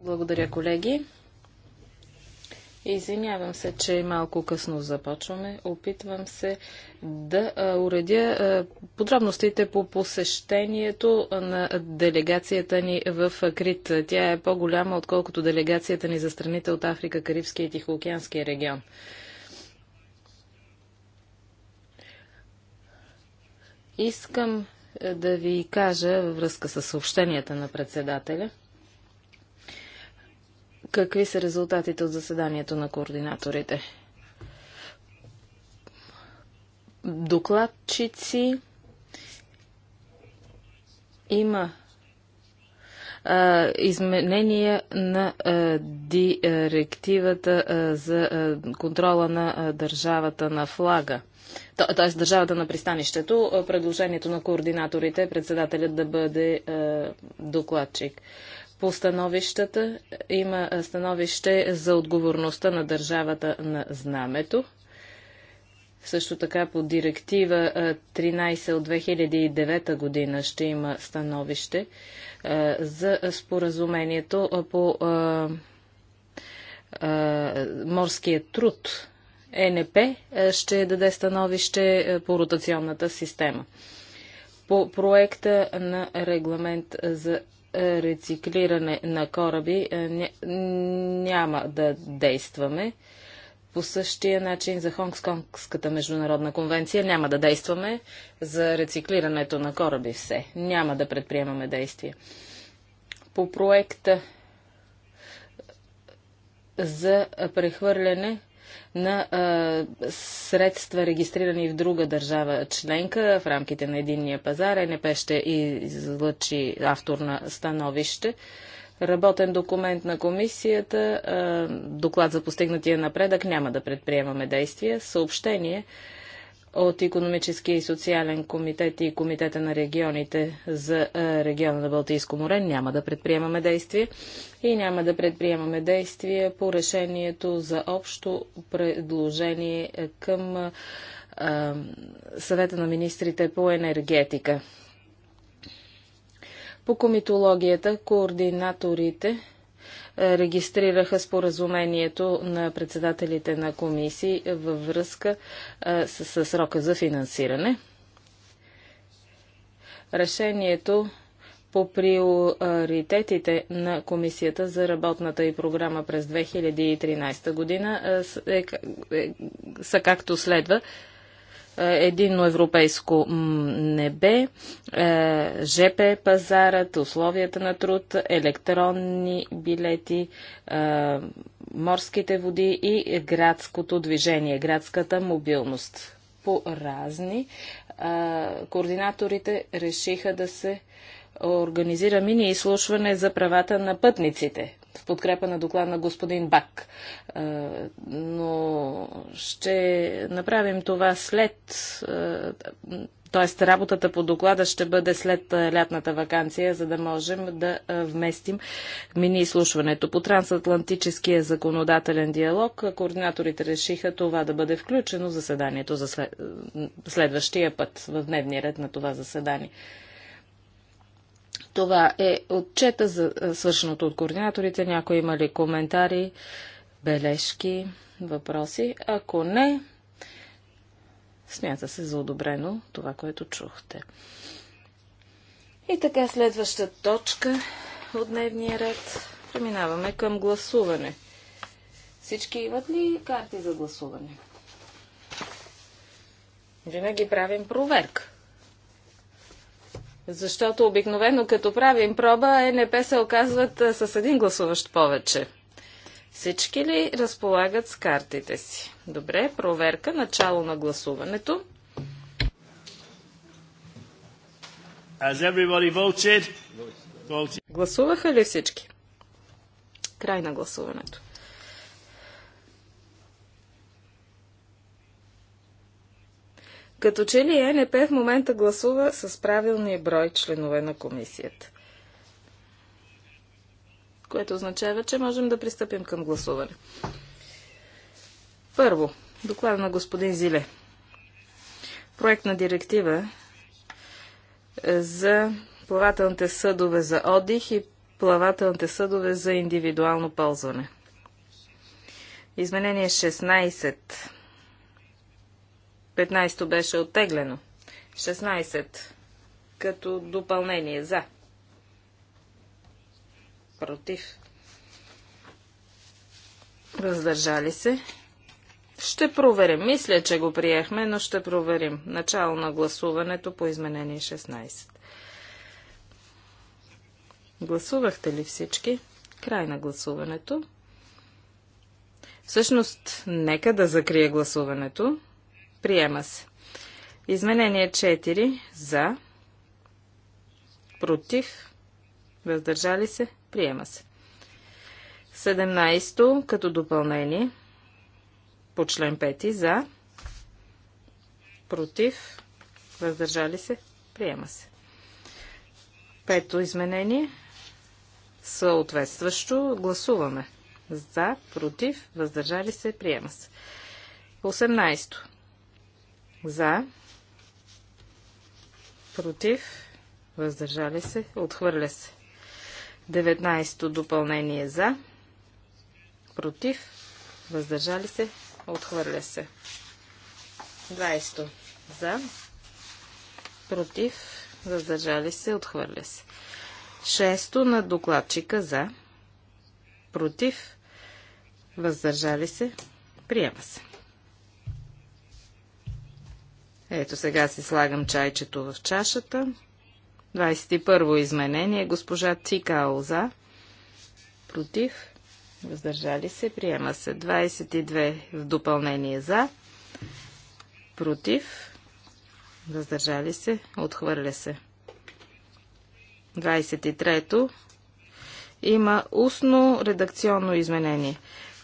Благодаря, колеги. Извинявам се, че малко късно започваме. Опитвам се да уредя подробностите по посещението на делегацията ни в Крит. Тя е по-голяма, отколкото делегацията ни за страните от Африка, Карибския и Тихоокеанския регион. Искам да ви кажа във връзка с съобщенията на председателя. Какви са резултатите от заседанието на координаторите? Докладчици има изменения на директивата за контрола на държавата на флага т.е. държавата на пристанището, е, предложението на координаторите е председателят да бъде е, докладчик. По становищата е, има становище за отговорността на държавата на знамето. Също така по директива 13 от 2009 година ще има становище за споразумението по морския труд ЕНП е, ще даде становище е, по ротационната система. По проекта на регламент за рециклиране на кораби е, няма да действаме. По същия начин за Хонгсконгската международна конвенция няма да действаме за рециклирането на кораби все. Няма да предприемаме действия. По проекта за прехвърляне на а, средства, регистрирани в друга държава членка в рамките на единния пазар. НП ще излъчи автор на становище. Работен документ на комисията, а, доклад за постигнатия напредък, няма да предприемаме действия. Съобщение от економическия и социален комитет и комитета на регионите за региона на Балтийско море няма да предприемаме действия и няма да предприемаме действия по решението за общо предложение към съвета на министрите по енергетика. По комитологията координаторите регистрираха споразумението на председателите на комисии във връзка с, срока за финансиране. Решението по приоритетите на Комисията за работната и програма през 2013 година е, е, са както следва. Е, единно европейско небе, е, ЖП е пазарът, условията на труд, електронни билети, морските води и градското движение, градската мобилност по разни координаторите решиха да се организира мини изслушване за правата на пътниците в подкрепа на доклад на господин Бак. Но ще направим това след Тоест, работата по доклада ще бъде след лятната вакансия, за да можем да вместим мини изслушването. По трансатлантическия законодателен диалог координаторите решиха това да бъде включено в заседанието за следващия път, в дневния ред на това заседание. Това е отчета за свършеното от координаторите. Някой има ли коментари, бележки, въпроси? Ако не, Смята се за одобрено това, което чухте. И така, следваща точка от дневния ред. Преминаваме към гласуване. Всички имат ли карти за гласуване? Винаги правим проверка. Защото обикновено като правим проба, е НП се оказват с един гласуващ повече. Всички ли разполагат с картите си? Добре, проверка, начало на гласуването. Voted? Voted. Гласуваха ли всички? Край на гласуването. Като че ли ЕНП в момента гласува с правилния брой членове на комисията което означава, че можем да пристъпим към гласуване. Първо, доклада на господин Зиле. Проект на директива е, за плавателните съдове за отдих и плавателните съдове за индивидуално ползване. Изменение 16. 15 беше оттеглено. 16 като допълнение за против, въздържали се. Ще проверим. Мисля, че го приехме, но ще проверим. Начало на гласуването по изменение 16. Гласувахте ли всички? Край на гласуването. Всъщност, нека да закрия гласуването. Приема се. Изменение 4. За. Против. Въздържали се. Приема се. 17 като допълнение по член 5 за, против, въздържали се, приема се. Пето изменение съответстващо гласуваме. За, против, въздържали се, приема се. 18. За, против, въздържали се, отхвърля се. 19-то допълнение за, против, въздържали се, отхвърля се. 20-то за, против, въздържали се, отхвърля се. 6-то на докладчика за, против, въздържали се, приема се. Ето сега си слагам чайчето в чашата. 21 во изменение. Госпожа Цикаоза за. Против. Въздържали се. Приема се. 22 в допълнение за. Против. Въздържали се. Отхвърля се. 23-то. Има устно редакционно изменение.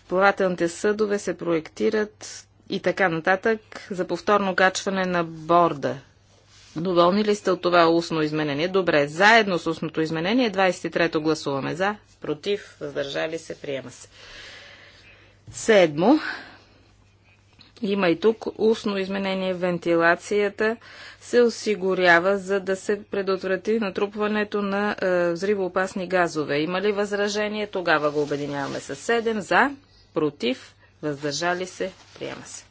Плавателните съдове се проектират и така нататък за повторно качване на борда Доволни ли сте от това устно изменение? Добре, заедно с устното изменение 23-то гласуваме за, против, въздържали се, приема се. Седмо, има и тук устно изменение. Вентилацията се осигурява, за да се предотврати натрупването на е, взривоопасни газове. Има ли възражение? Тогава го обединяваме с 7 за, против, въздържали се, приема се.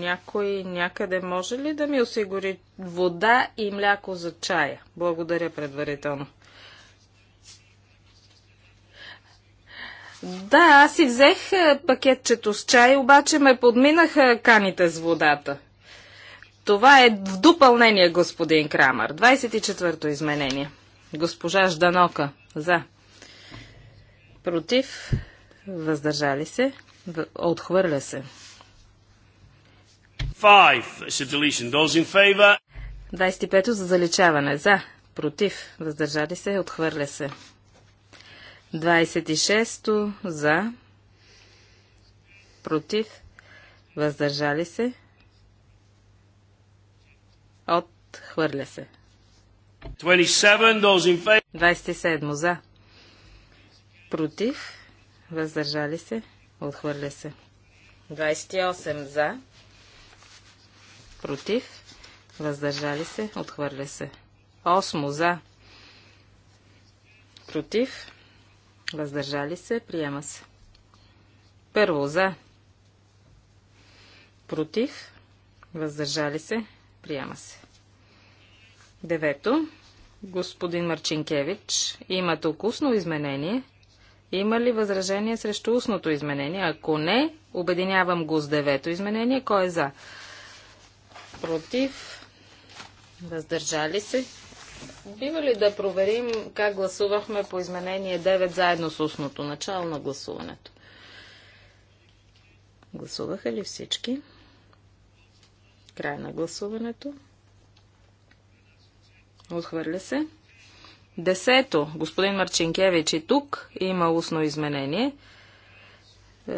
Някой някъде може ли да ми осигури вода и мляко за чая? Благодаря предварително. Да, аз си взех е, пакетчето с чай, обаче ме подминаха каните с водата. Това е в допълнение, господин Крамър. 24-то изменение. Госпожа Жданока. За. Против. Въздържали се. Отхвърля се. 25 is a deletion. Those in favor? 25 за заличаване. За. Против. Въздържали се. Отхвърля се. 26 за. Против. Въздържали се. Отхвърля се. 27, 27 за. Против. Въздържали се. Отхвърля се. 28 за против, въздържали се, отхвърля се. Осмо за, против, въздържали се, приема се. Първо за, против, въздържали се, приема се. Девето, господин Марчинкевич, имате устно изменение. Има ли възражение срещу устното изменение? Ако не, обединявам го с девето изменение. Кой е за? против, въздържали се. Бива ли да проверим как гласувахме по изменение 9 заедно с устното начало на гласуването? Гласуваха ли всички? Край на гласуването. Отхвърля се. Десето. Господин Марчинкевич и тук има устно изменение. Е,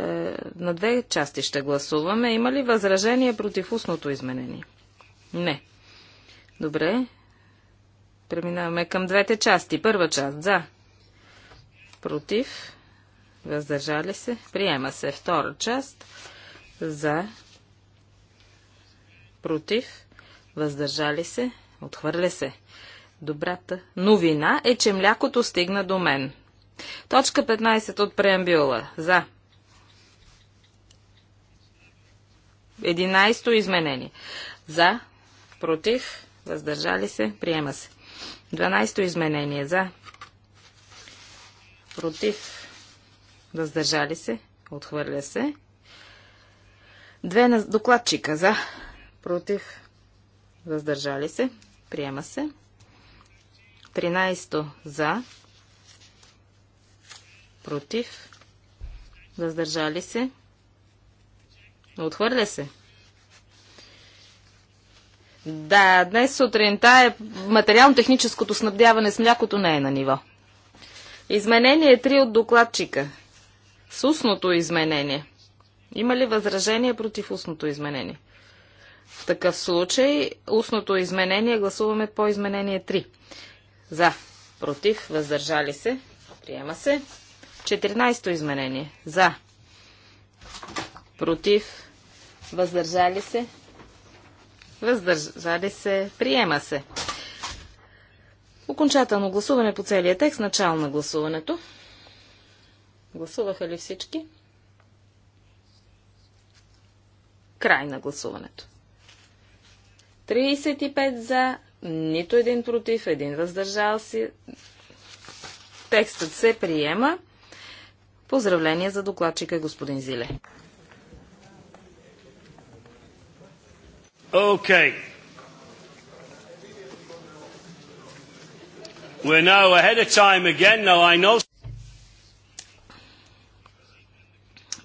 на две части ще гласуваме. Има ли възражение против устното изменение? Не. Добре. Преминаваме към двете части. Първа част за. Против. Въздържали се. Приема се. Втора част за. Против. Въздържали се. Отхвърля се. Добрата новина е, че млякото стигна до мен. Точка 15 от преамбюла. За. 11 изменение. За, против, въздържали се, приема се. 12-то изменение за, против, въздържали се, отхвърля се. Две на докладчика за, против, въздържали се, приема се. 13 за, против, въздържали се, отхвърля се. Да, днес сутринта е материално-техническото снабдяване с млякото не е на ниво. Изменение 3 от докладчика. С устното изменение. Има ли възражение против устното изменение? В такъв случай устното изменение гласуваме по изменение 3. За, против, въздържали се, приема се. 14-то изменение. За, против, въздържали се, въздържали се, приема се. Окончателно гласуване по целия текст, начало на гласуването. Гласуваха ли всички? Край на гласуването. 35 за, нито един против, един въздържал си. Текстът се приема. Поздравление за докладчика господин Зиле. Okay. We're now ahead of time again. Now I know.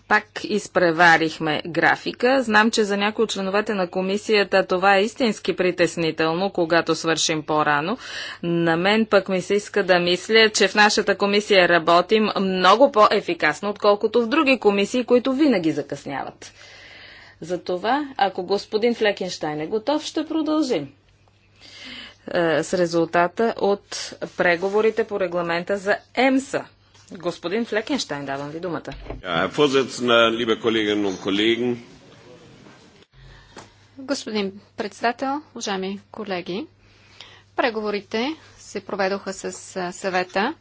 Пак изпреварихме графика. Знам, че за някои от членовете на комисията това е истински притеснително, когато свършим по-рано. На мен пък ми се иска да мисля, че в нашата комисия работим много по-ефикасно, отколкото в други комисии, които винаги закъсняват. Затова, ако господин Флекенштайн е готов, ще продължим е, с резултата от преговорите по регламента за ЕМСА. Господин Флекенштайн, давам ви думата. Господин председател, уважаеми колеги, преговорите се проведоха с съвета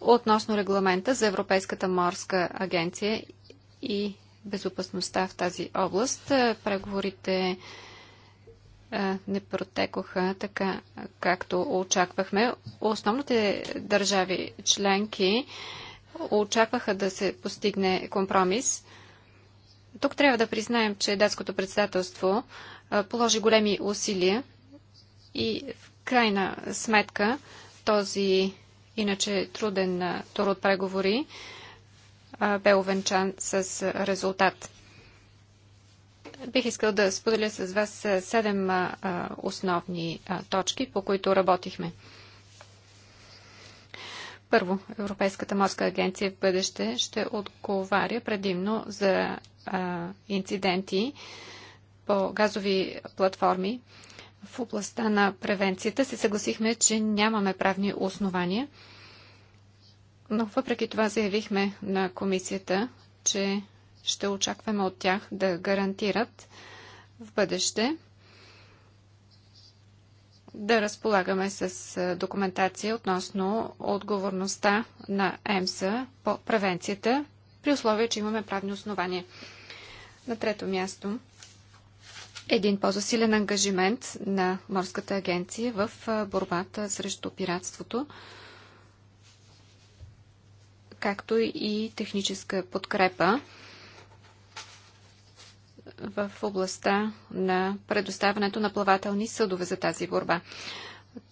относно регламента за Европейската морска агенция и безопасността в тази област. Е, преговорите е, не протекоха така, както очаквахме. Основните държави членки очакваха да се постигне компромис. Тук трябва да признаем, че датското председателство е, положи големи усилия и в крайна сметка този иначе труден тур от преговори бе увенчан с резултат. Бих искал да споделя с вас седем основни точки, по които работихме. Първо, Европейската морска агенция в бъдеще ще отговаря предимно за инциденти по газови платформи. В областта на превенцията се съгласихме, че нямаме правни основания. Но въпреки това заявихме на комисията, че ще очакваме от тях да гарантират в бъдеще да разполагаме с документация относно отговорността на ЕМСА по превенцията, при условие, че имаме правни основания. На трето място един по-засилен ангажимент на Морската агенция в борбата срещу пиратството както и техническа подкрепа в областта на предоставянето на плавателни съдове за тази борба.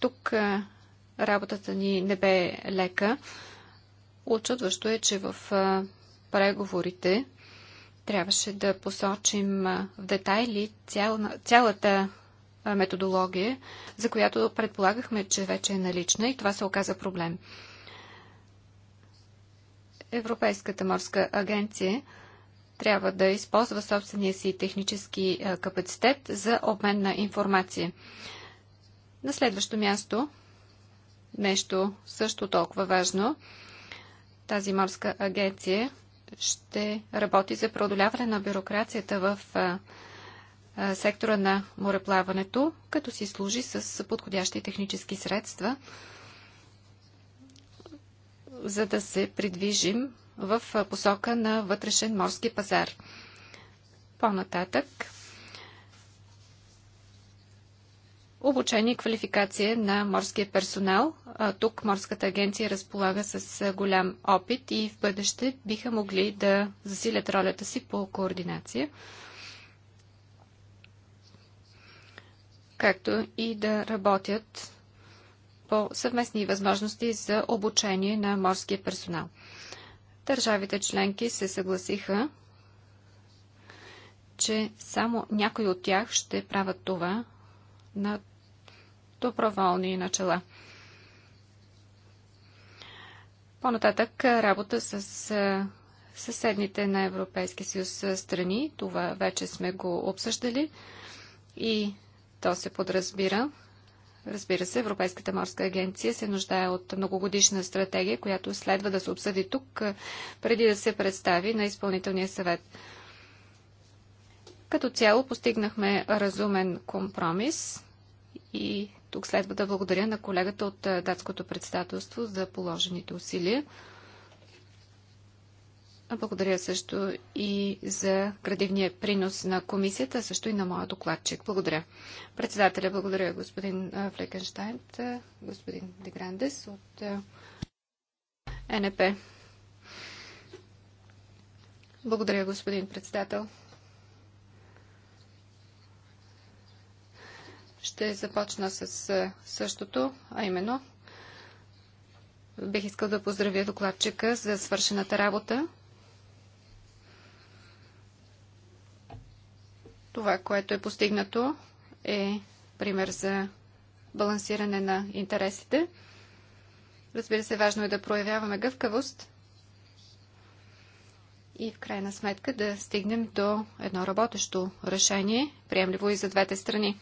Тук работата ни не бе лека. Очудващо е, че в преговорите трябваше да посочим в детайли цялата методология, за която предполагахме, че вече е налична и това се оказа проблем. Европейската морска агенция трябва да използва собствения си технически капацитет за обмен на информация. На следващо място, нещо също толкова важно, тази морска агенция ще работи за преодоляване на бюрокрацията в сектора на мореплаването, като си служи с подходящи технически средства – за да се придвижим в посока на вътрешен морски пазар. По-нататък обучение и квалификация на морския персонал. Тук Морската агенция разполага с голям опит и в бъдеще биха могли да засилят ролята си по координация, както и да работят по съвместни възможности за обучение на морския персонал. Държавите членки се съгласиха, че само някои от тях ще правят това на доброволни начала. По-нататък работа с съседните на Европейския съюз страни. Това вече сме го обсъждали и то се подразбира. Разбира се, Европейската морска агенция се нуждае от многогодишна стратегия, която следва да се обсъди тук, преди да се представи на изпълнителния съвет. Като цяло постигнахме разумен компромис и тук следва да благодаря на колегата от датското председателство за положените усилия. Благодаря също и за градивния принос на комисията, също и на моя докладчик. Благодаря. Председателя, благодаря господин Флекенштайн, господин Деграндес от НП. Благодаря, господин председател. Ще започна с същото, а именно бих искал да поздравя докладчика за свършената работа. Това, което е постигнато, е пример за балансиране на интересите. Разбира се, важно е да проявяваме гъвкавост и в крайна сметка да стигнем до едно работещо решение, приемливо и за двете страни.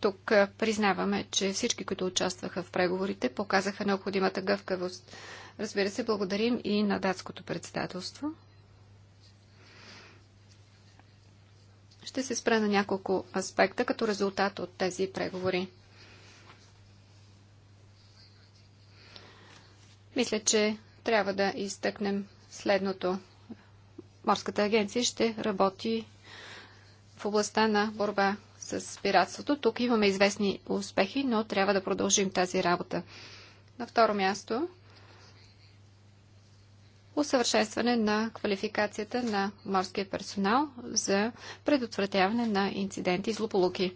Тук признаваме, че всички, които участваха в преговорите, показаха необходимата гъвкавост. Разбира се, благодарим и на датското председателство. Ще се спра на няколко аспекта като резултат от тези преговори. Мисля, че трябва да изтъкнем следното. Морската агенция ще работи в областта на борба с пиратството. Тук имаме известни успехи, но трябва да продължим тази работа. На второ място усъвършенстване на квалификацията на морския персонал за предотвратяване на инциденти и злополуки.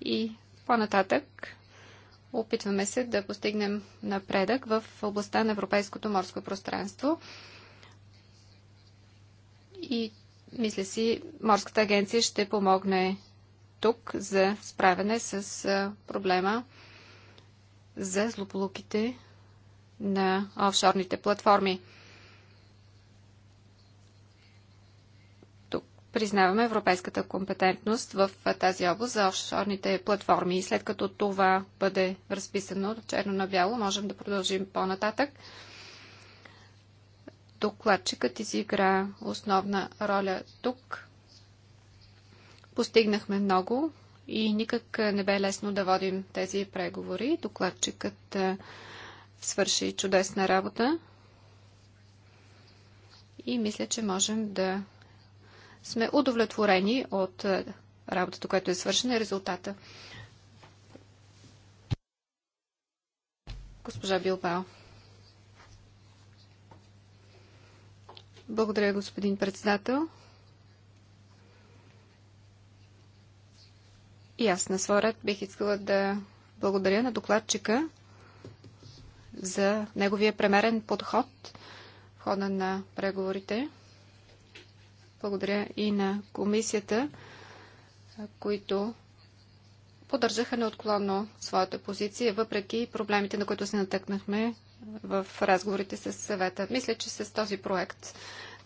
И по-нататък опитваме се да постигнем напредък в областта на европейското морско пространство. И мисля си, морската агенция ще помогне тук за справяне с проблема за злополуките на офшорните платформи. Тук признаваме европейската компетентност в тази област за офшорните платформи. И след като това бъде разписано черно на бяло, можем да продължим по-нататък. Докладчикът изигра основна роля тук. Постигнахме много и никак не бе лесно да водим тези преговори. Докладчикът свърши чудесна работа и мисля, че можем да сме удовлетворени от работата, която е свършена и резултата. Госпожа Билбао. Благодаря, господин председател. И аз на своя ред бих искала да благодаря на докладчика за неговия премерен подход в хода на преговорите. Благодаря и на комисията, които поддържаха неотклонно своята позиция, въпреки проблемите, на които се натъкнахме в разговорите с съвета. Мисля, че с този проект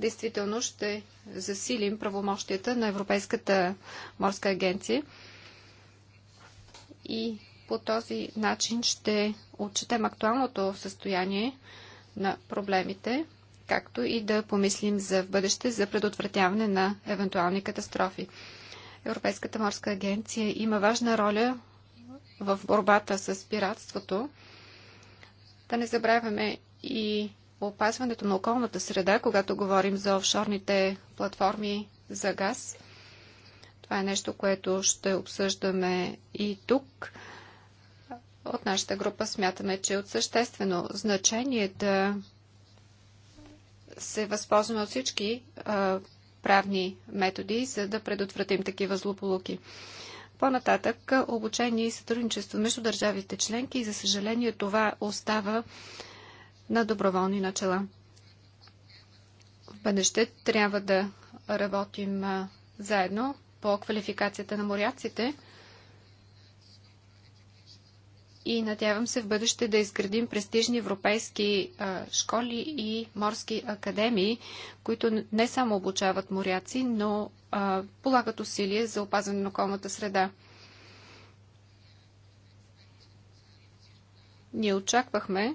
действително ще засилим правомощията на Европейската морска агенция и по този начин ще отчетем актуалното състояние на проблемите, както и да помислим за в бъдеще за предотвратяване на евентуални катастрофи. Европейската морска агенция има важна роля в борбата с пиратството. Да не забравяме и опазването на околната среда, когато говорим за офшорните платформи за газ – това е нещо, което ще обсъждаме и тук. От нашата група смятаме, че е от съществено значение да се възползваме от всички правни методи, за да предотвратим такива злополуки. По-нататък обучение и сътрудничество между държавите членки и за съжаление това остава на доброволни начала. В бъдеще трябва да работим заедно по квалификацията на моряците. И надявам се в бъдеще да изградим престижни европейски а, школи и морски академии, които не само обучават моряци, но а, полагат усилие за опазване на околната среда. Ние очаквахме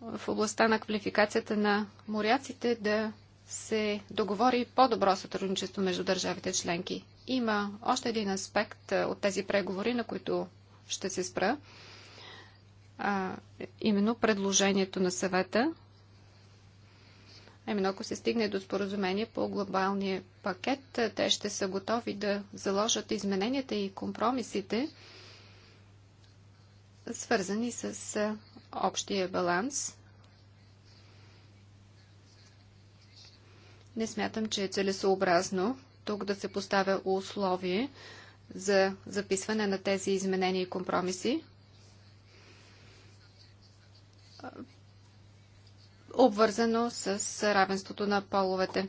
в областта на квалификацията на моряците да се договори по-добро сътрудничество между държавите членки. Има още един аспект от тези преговори, на които ще се спра, а, именно предложението на съвета. Именно ако се стигне до споразумение по глобалния пакет, те ще са готови да заложат измененията и компромисите, свързани с общия баланс Не смятам, че е целесообразно тук да се поставя условие за записване на тези изменения и компромиси. обвързано с равенството на половете.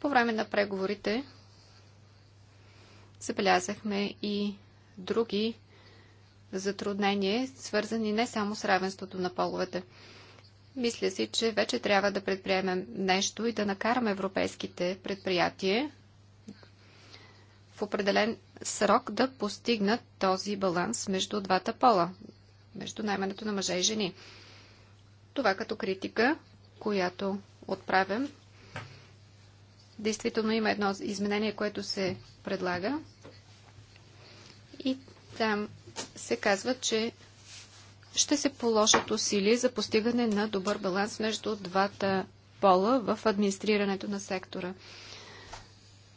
По време на преговорите забелязахме и други затруднения, свързани не само с равенството на половете. Мисля си, че вече трябва да предприемем нещо и да накараме европейските предприятия в определен срок да постигнат този баланс между двата пола, между наймането на мъже и жени. Това като критика, която отправям. Действително има едно изменение, което се предлага. И там се казва, че ще се положат усилия за постигане на добър баланс между двата пола в администрирането на сектора.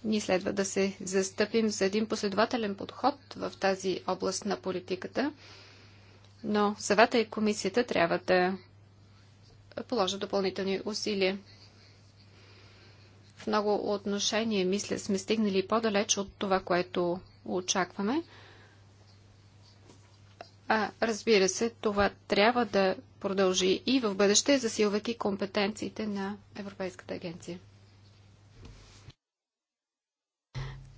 Ние следва да се застъпим за един последователен подход в тази област на политиката, но съвета и комисията трябва да положат допълнителни усилия. В много отношения, мисля, сме стигнали по-далеч от това, което очакваме. А, разбира се, това трябва да продължи и в бъдеще, засилвайки компетенциите на Европейската агенция.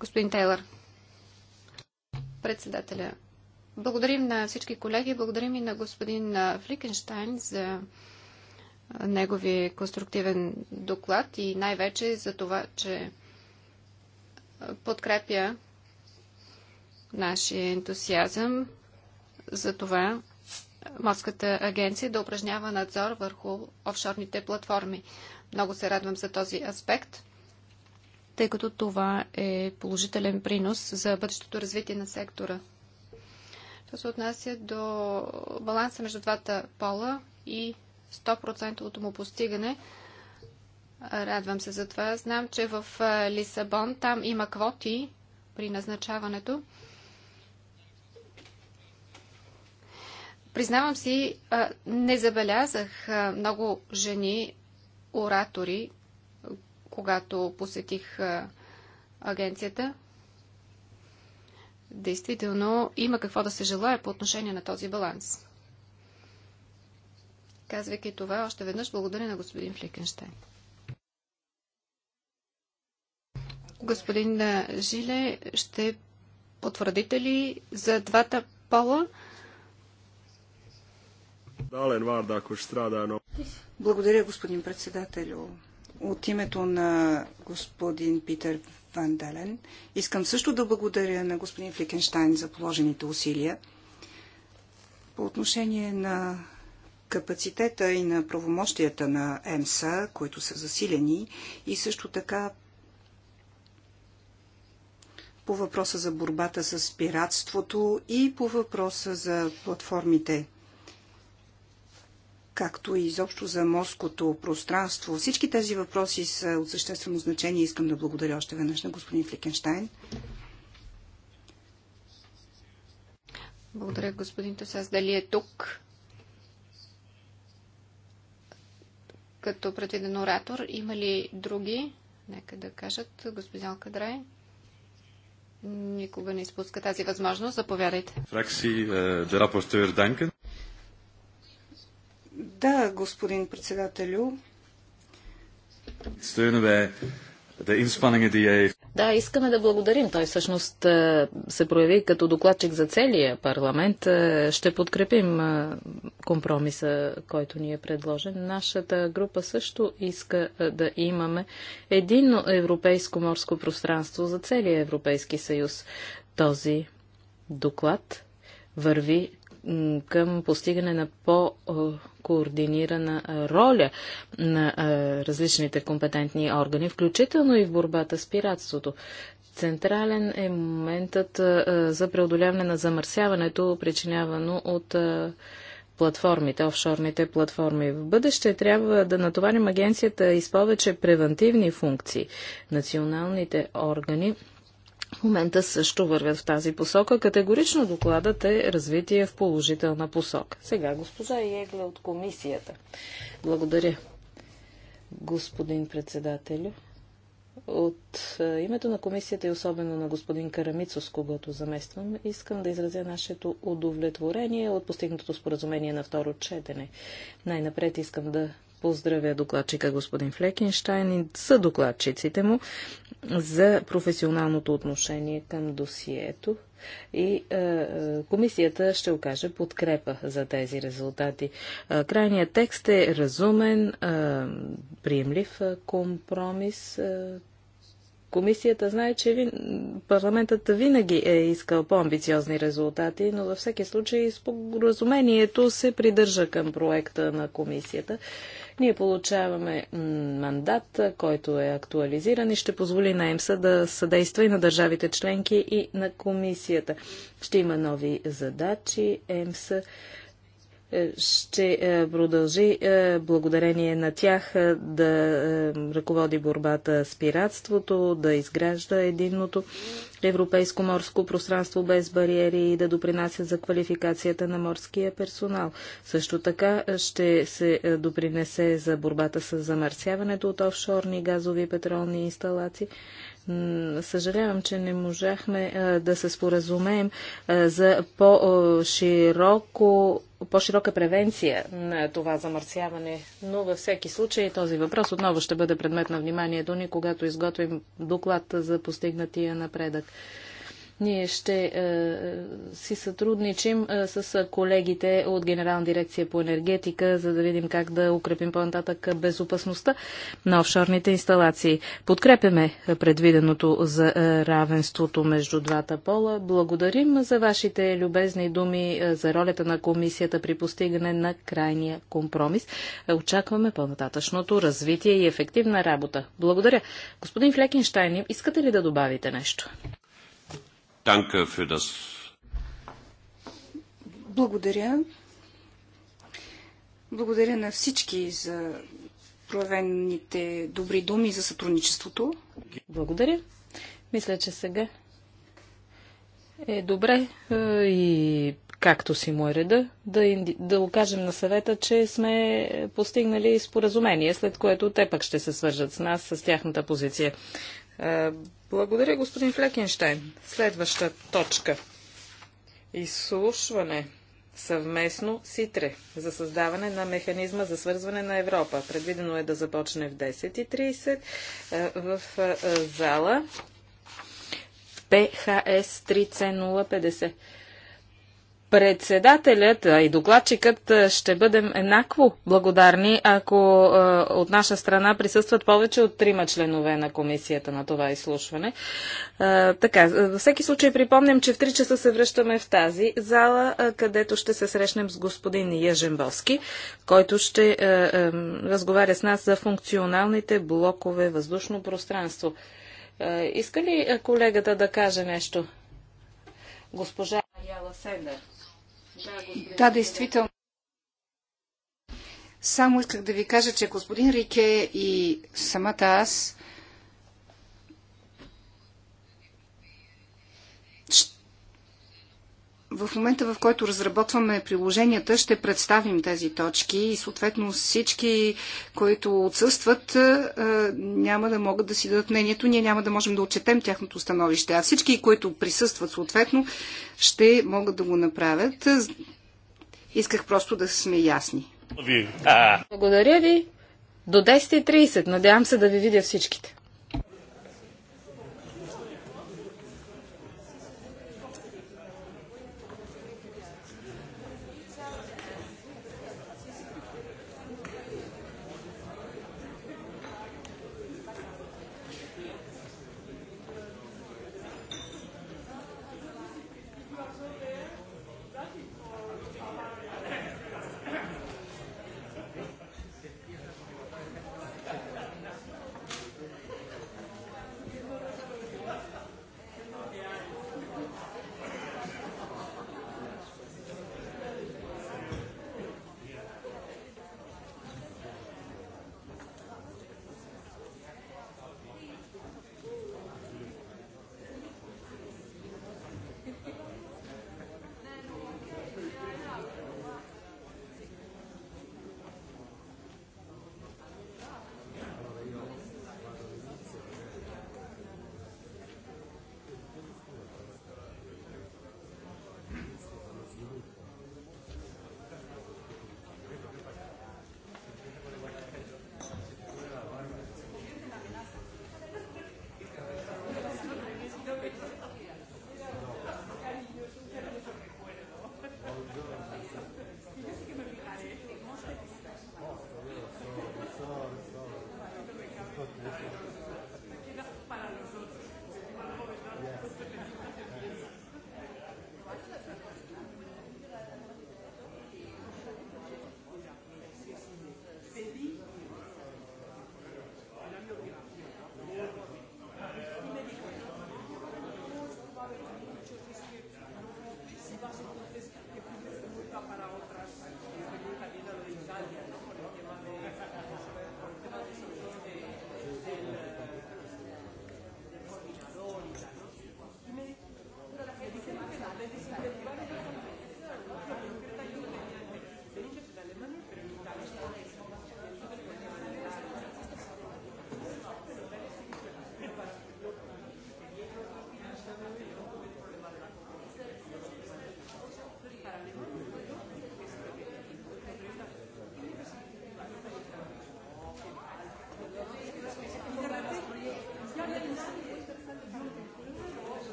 Господин Тейлър, председателя, благодарим на всички колеги, благодарим и на господин Фликенштайн за негови конструктивен доклад и най-вече за това, че подкрепя нашия ентусиазъм за това морската агенция да упражнява надзор върху офшорните платформи. Много се радвам за този аспект, тъй като това е положителен принос за бъдещото развитие на сектора. То се отнася до баланса между двата пола и 100 му постигане. Радвам се за това. Знам, че в Лисабон там има квоти при назначаването. Признавам си, не забелязах много жени оратори, когато посетих агенцията. Действително, има какво да се желая по отношение на този баланс. Казвайки това, още веднъж благодаря на господин Фликенштейн. Господин Жиле, ще потвърдите ли за двата пола? Дален Варда, ако страда, Благодаря, господин председателю. От името на господин Питер Ван Дален, искам също да благодаря на господин Фликенштайн за положените усилия. По отношение на капацитета и на правомощията на ЕМСА, които са засилени, и също така по въпроса за борбата с пиратството и по въпроса за платформите – както и изобщо за морското пространство. Всички тези въпроси са от съществено значение. Искам да благодаря още веднъж на господин Фликенштайн. Благодаря, господин Тасас. Дали е тук? Като предвиден оратор, има ли други? Нека да кажат. Господин Алкадрай. Никога не изпуска тази възможност. Заповядайте. Фракции, е, де Данкен. Да, господин председателю. Е. Да, искаме да благодарим. Той всъщност е, се прояви като докладчик за целия парламент. Е, ще подкрепим компромиса, който ни е предложен. Нашата група също иска да имаме единно европейско морско пространство за целия Европейски съюз. Този доклад върви към постигане на по-координирана роля на различните компетентни органи, включително и в борбата с пиратството. Централен е моментът за преодоляване на замърсяването, причинявано от платформите, офшорните платформи. В бъдеще трябва да натоварим агенцията и с повече превентивни функции. Националните органи в момента също вървят в тази посока. Категорично докладът е развитие в положителна посока. Сега госпожа Егле от комисията. Благодаря, господин председателю. От е, името на комисията и особено на господин с когато замествам, искам да изразя нашето удовлетворение от постигнатото споразумение на второ четене. Най-напред искам да поздравя докладчика господин Флекенштайн и са докладчиците му за професионалното отношение към досието и е, е, комисията ще окаже подкрепа за тези резултати. Е, крайният текст е разумен, е, приемлив е, компромис, е, Комисията знае, че вин... парламентът винаги е искал по-амбициозни резултати, но във всеки случай споразумението се придържа към проекта на комисията. Ние получаваме мандат, който е актуализиран и ще позволи на ЕМСА да съдейства и на държавите членки и на комисията. Ще има нови задачи. ЕМСА е, ще е, продължи е, благодарение на тях да ръководи борбата с пиратството, да изгражда единното европейско морско пространство без бариери и да допринася за квалификацията на морския персонал. Също така ще се допринесе за борбата с замърсяването от офшорни газови и петролни инсталации, Съжалявам, че не можахме да се споразумеем за по-широко по-широка превенция на това замърсяване, но във всеки случай този въпрос отново ще бъде предмет на вниманието ни, когато изготвим доклад за постигнатия напредък. Ние ще е, е, си сътрудничим е, с колегите от Генерална дирекция по енергетика, за да видим как да укрепим по-нататък безопасността на офшорните инсталации. Подкрепяме предвиденото за е, равенството между двата пола. Благодарим за вашите любезни думи е, за ролята на комисията при постигане на крайния компромис. Очакваме по-нататъчното развитие и ефективна работа. Благодаря. Господин Флекенштайн, искате ли да добавите нещо? Danke für das. Благодаря. Благодаря на всички за проявените добри думи за сътрудничеството. Благодаря. Мисля, че сега е добре е, и както си му е реда, да, инди... да окажем на съвета, че сме постигнали споразумение, след което те пък ще се свържат с нас, с тяхната позиция. Е, благодаря, господин Флекенштайн. Следваща точка. Изслушване съвместно с ИТРЕ за създаване на механизма за свързване на Европа. Предвидено е да започне в 10.30 е, в е, зала ПХС 3 c председателят и докладчикът ще бъдем еднакво благодарни, ако от наша страна присъстват повече от трима членове на комисията на това изслушване. Така, във всеки случай припомням, че в 3 часа се връщаме в тази зала, където ще се срещнем с господин Ежембовски, който ще разговаря с нас за функционалните блокове въздушно пространство. Иска ли колегата да каже нещо? Госпожа Яла Сендер. Да, действително. Само исках да ви кажа, че господин Рике и самата аз В момента, в който разработваме приложенията, ще представим тези точки и съответно всички, които отсъстват, няма да могат да си дадат мнението. Ние няма да можем да отчетем тяхното становище. А всички, които присъстват съответно, ще могат да го направят. Исках просто да сме ясни. Благодаря ви. До 10.30. Надявам се да ви видя всичките.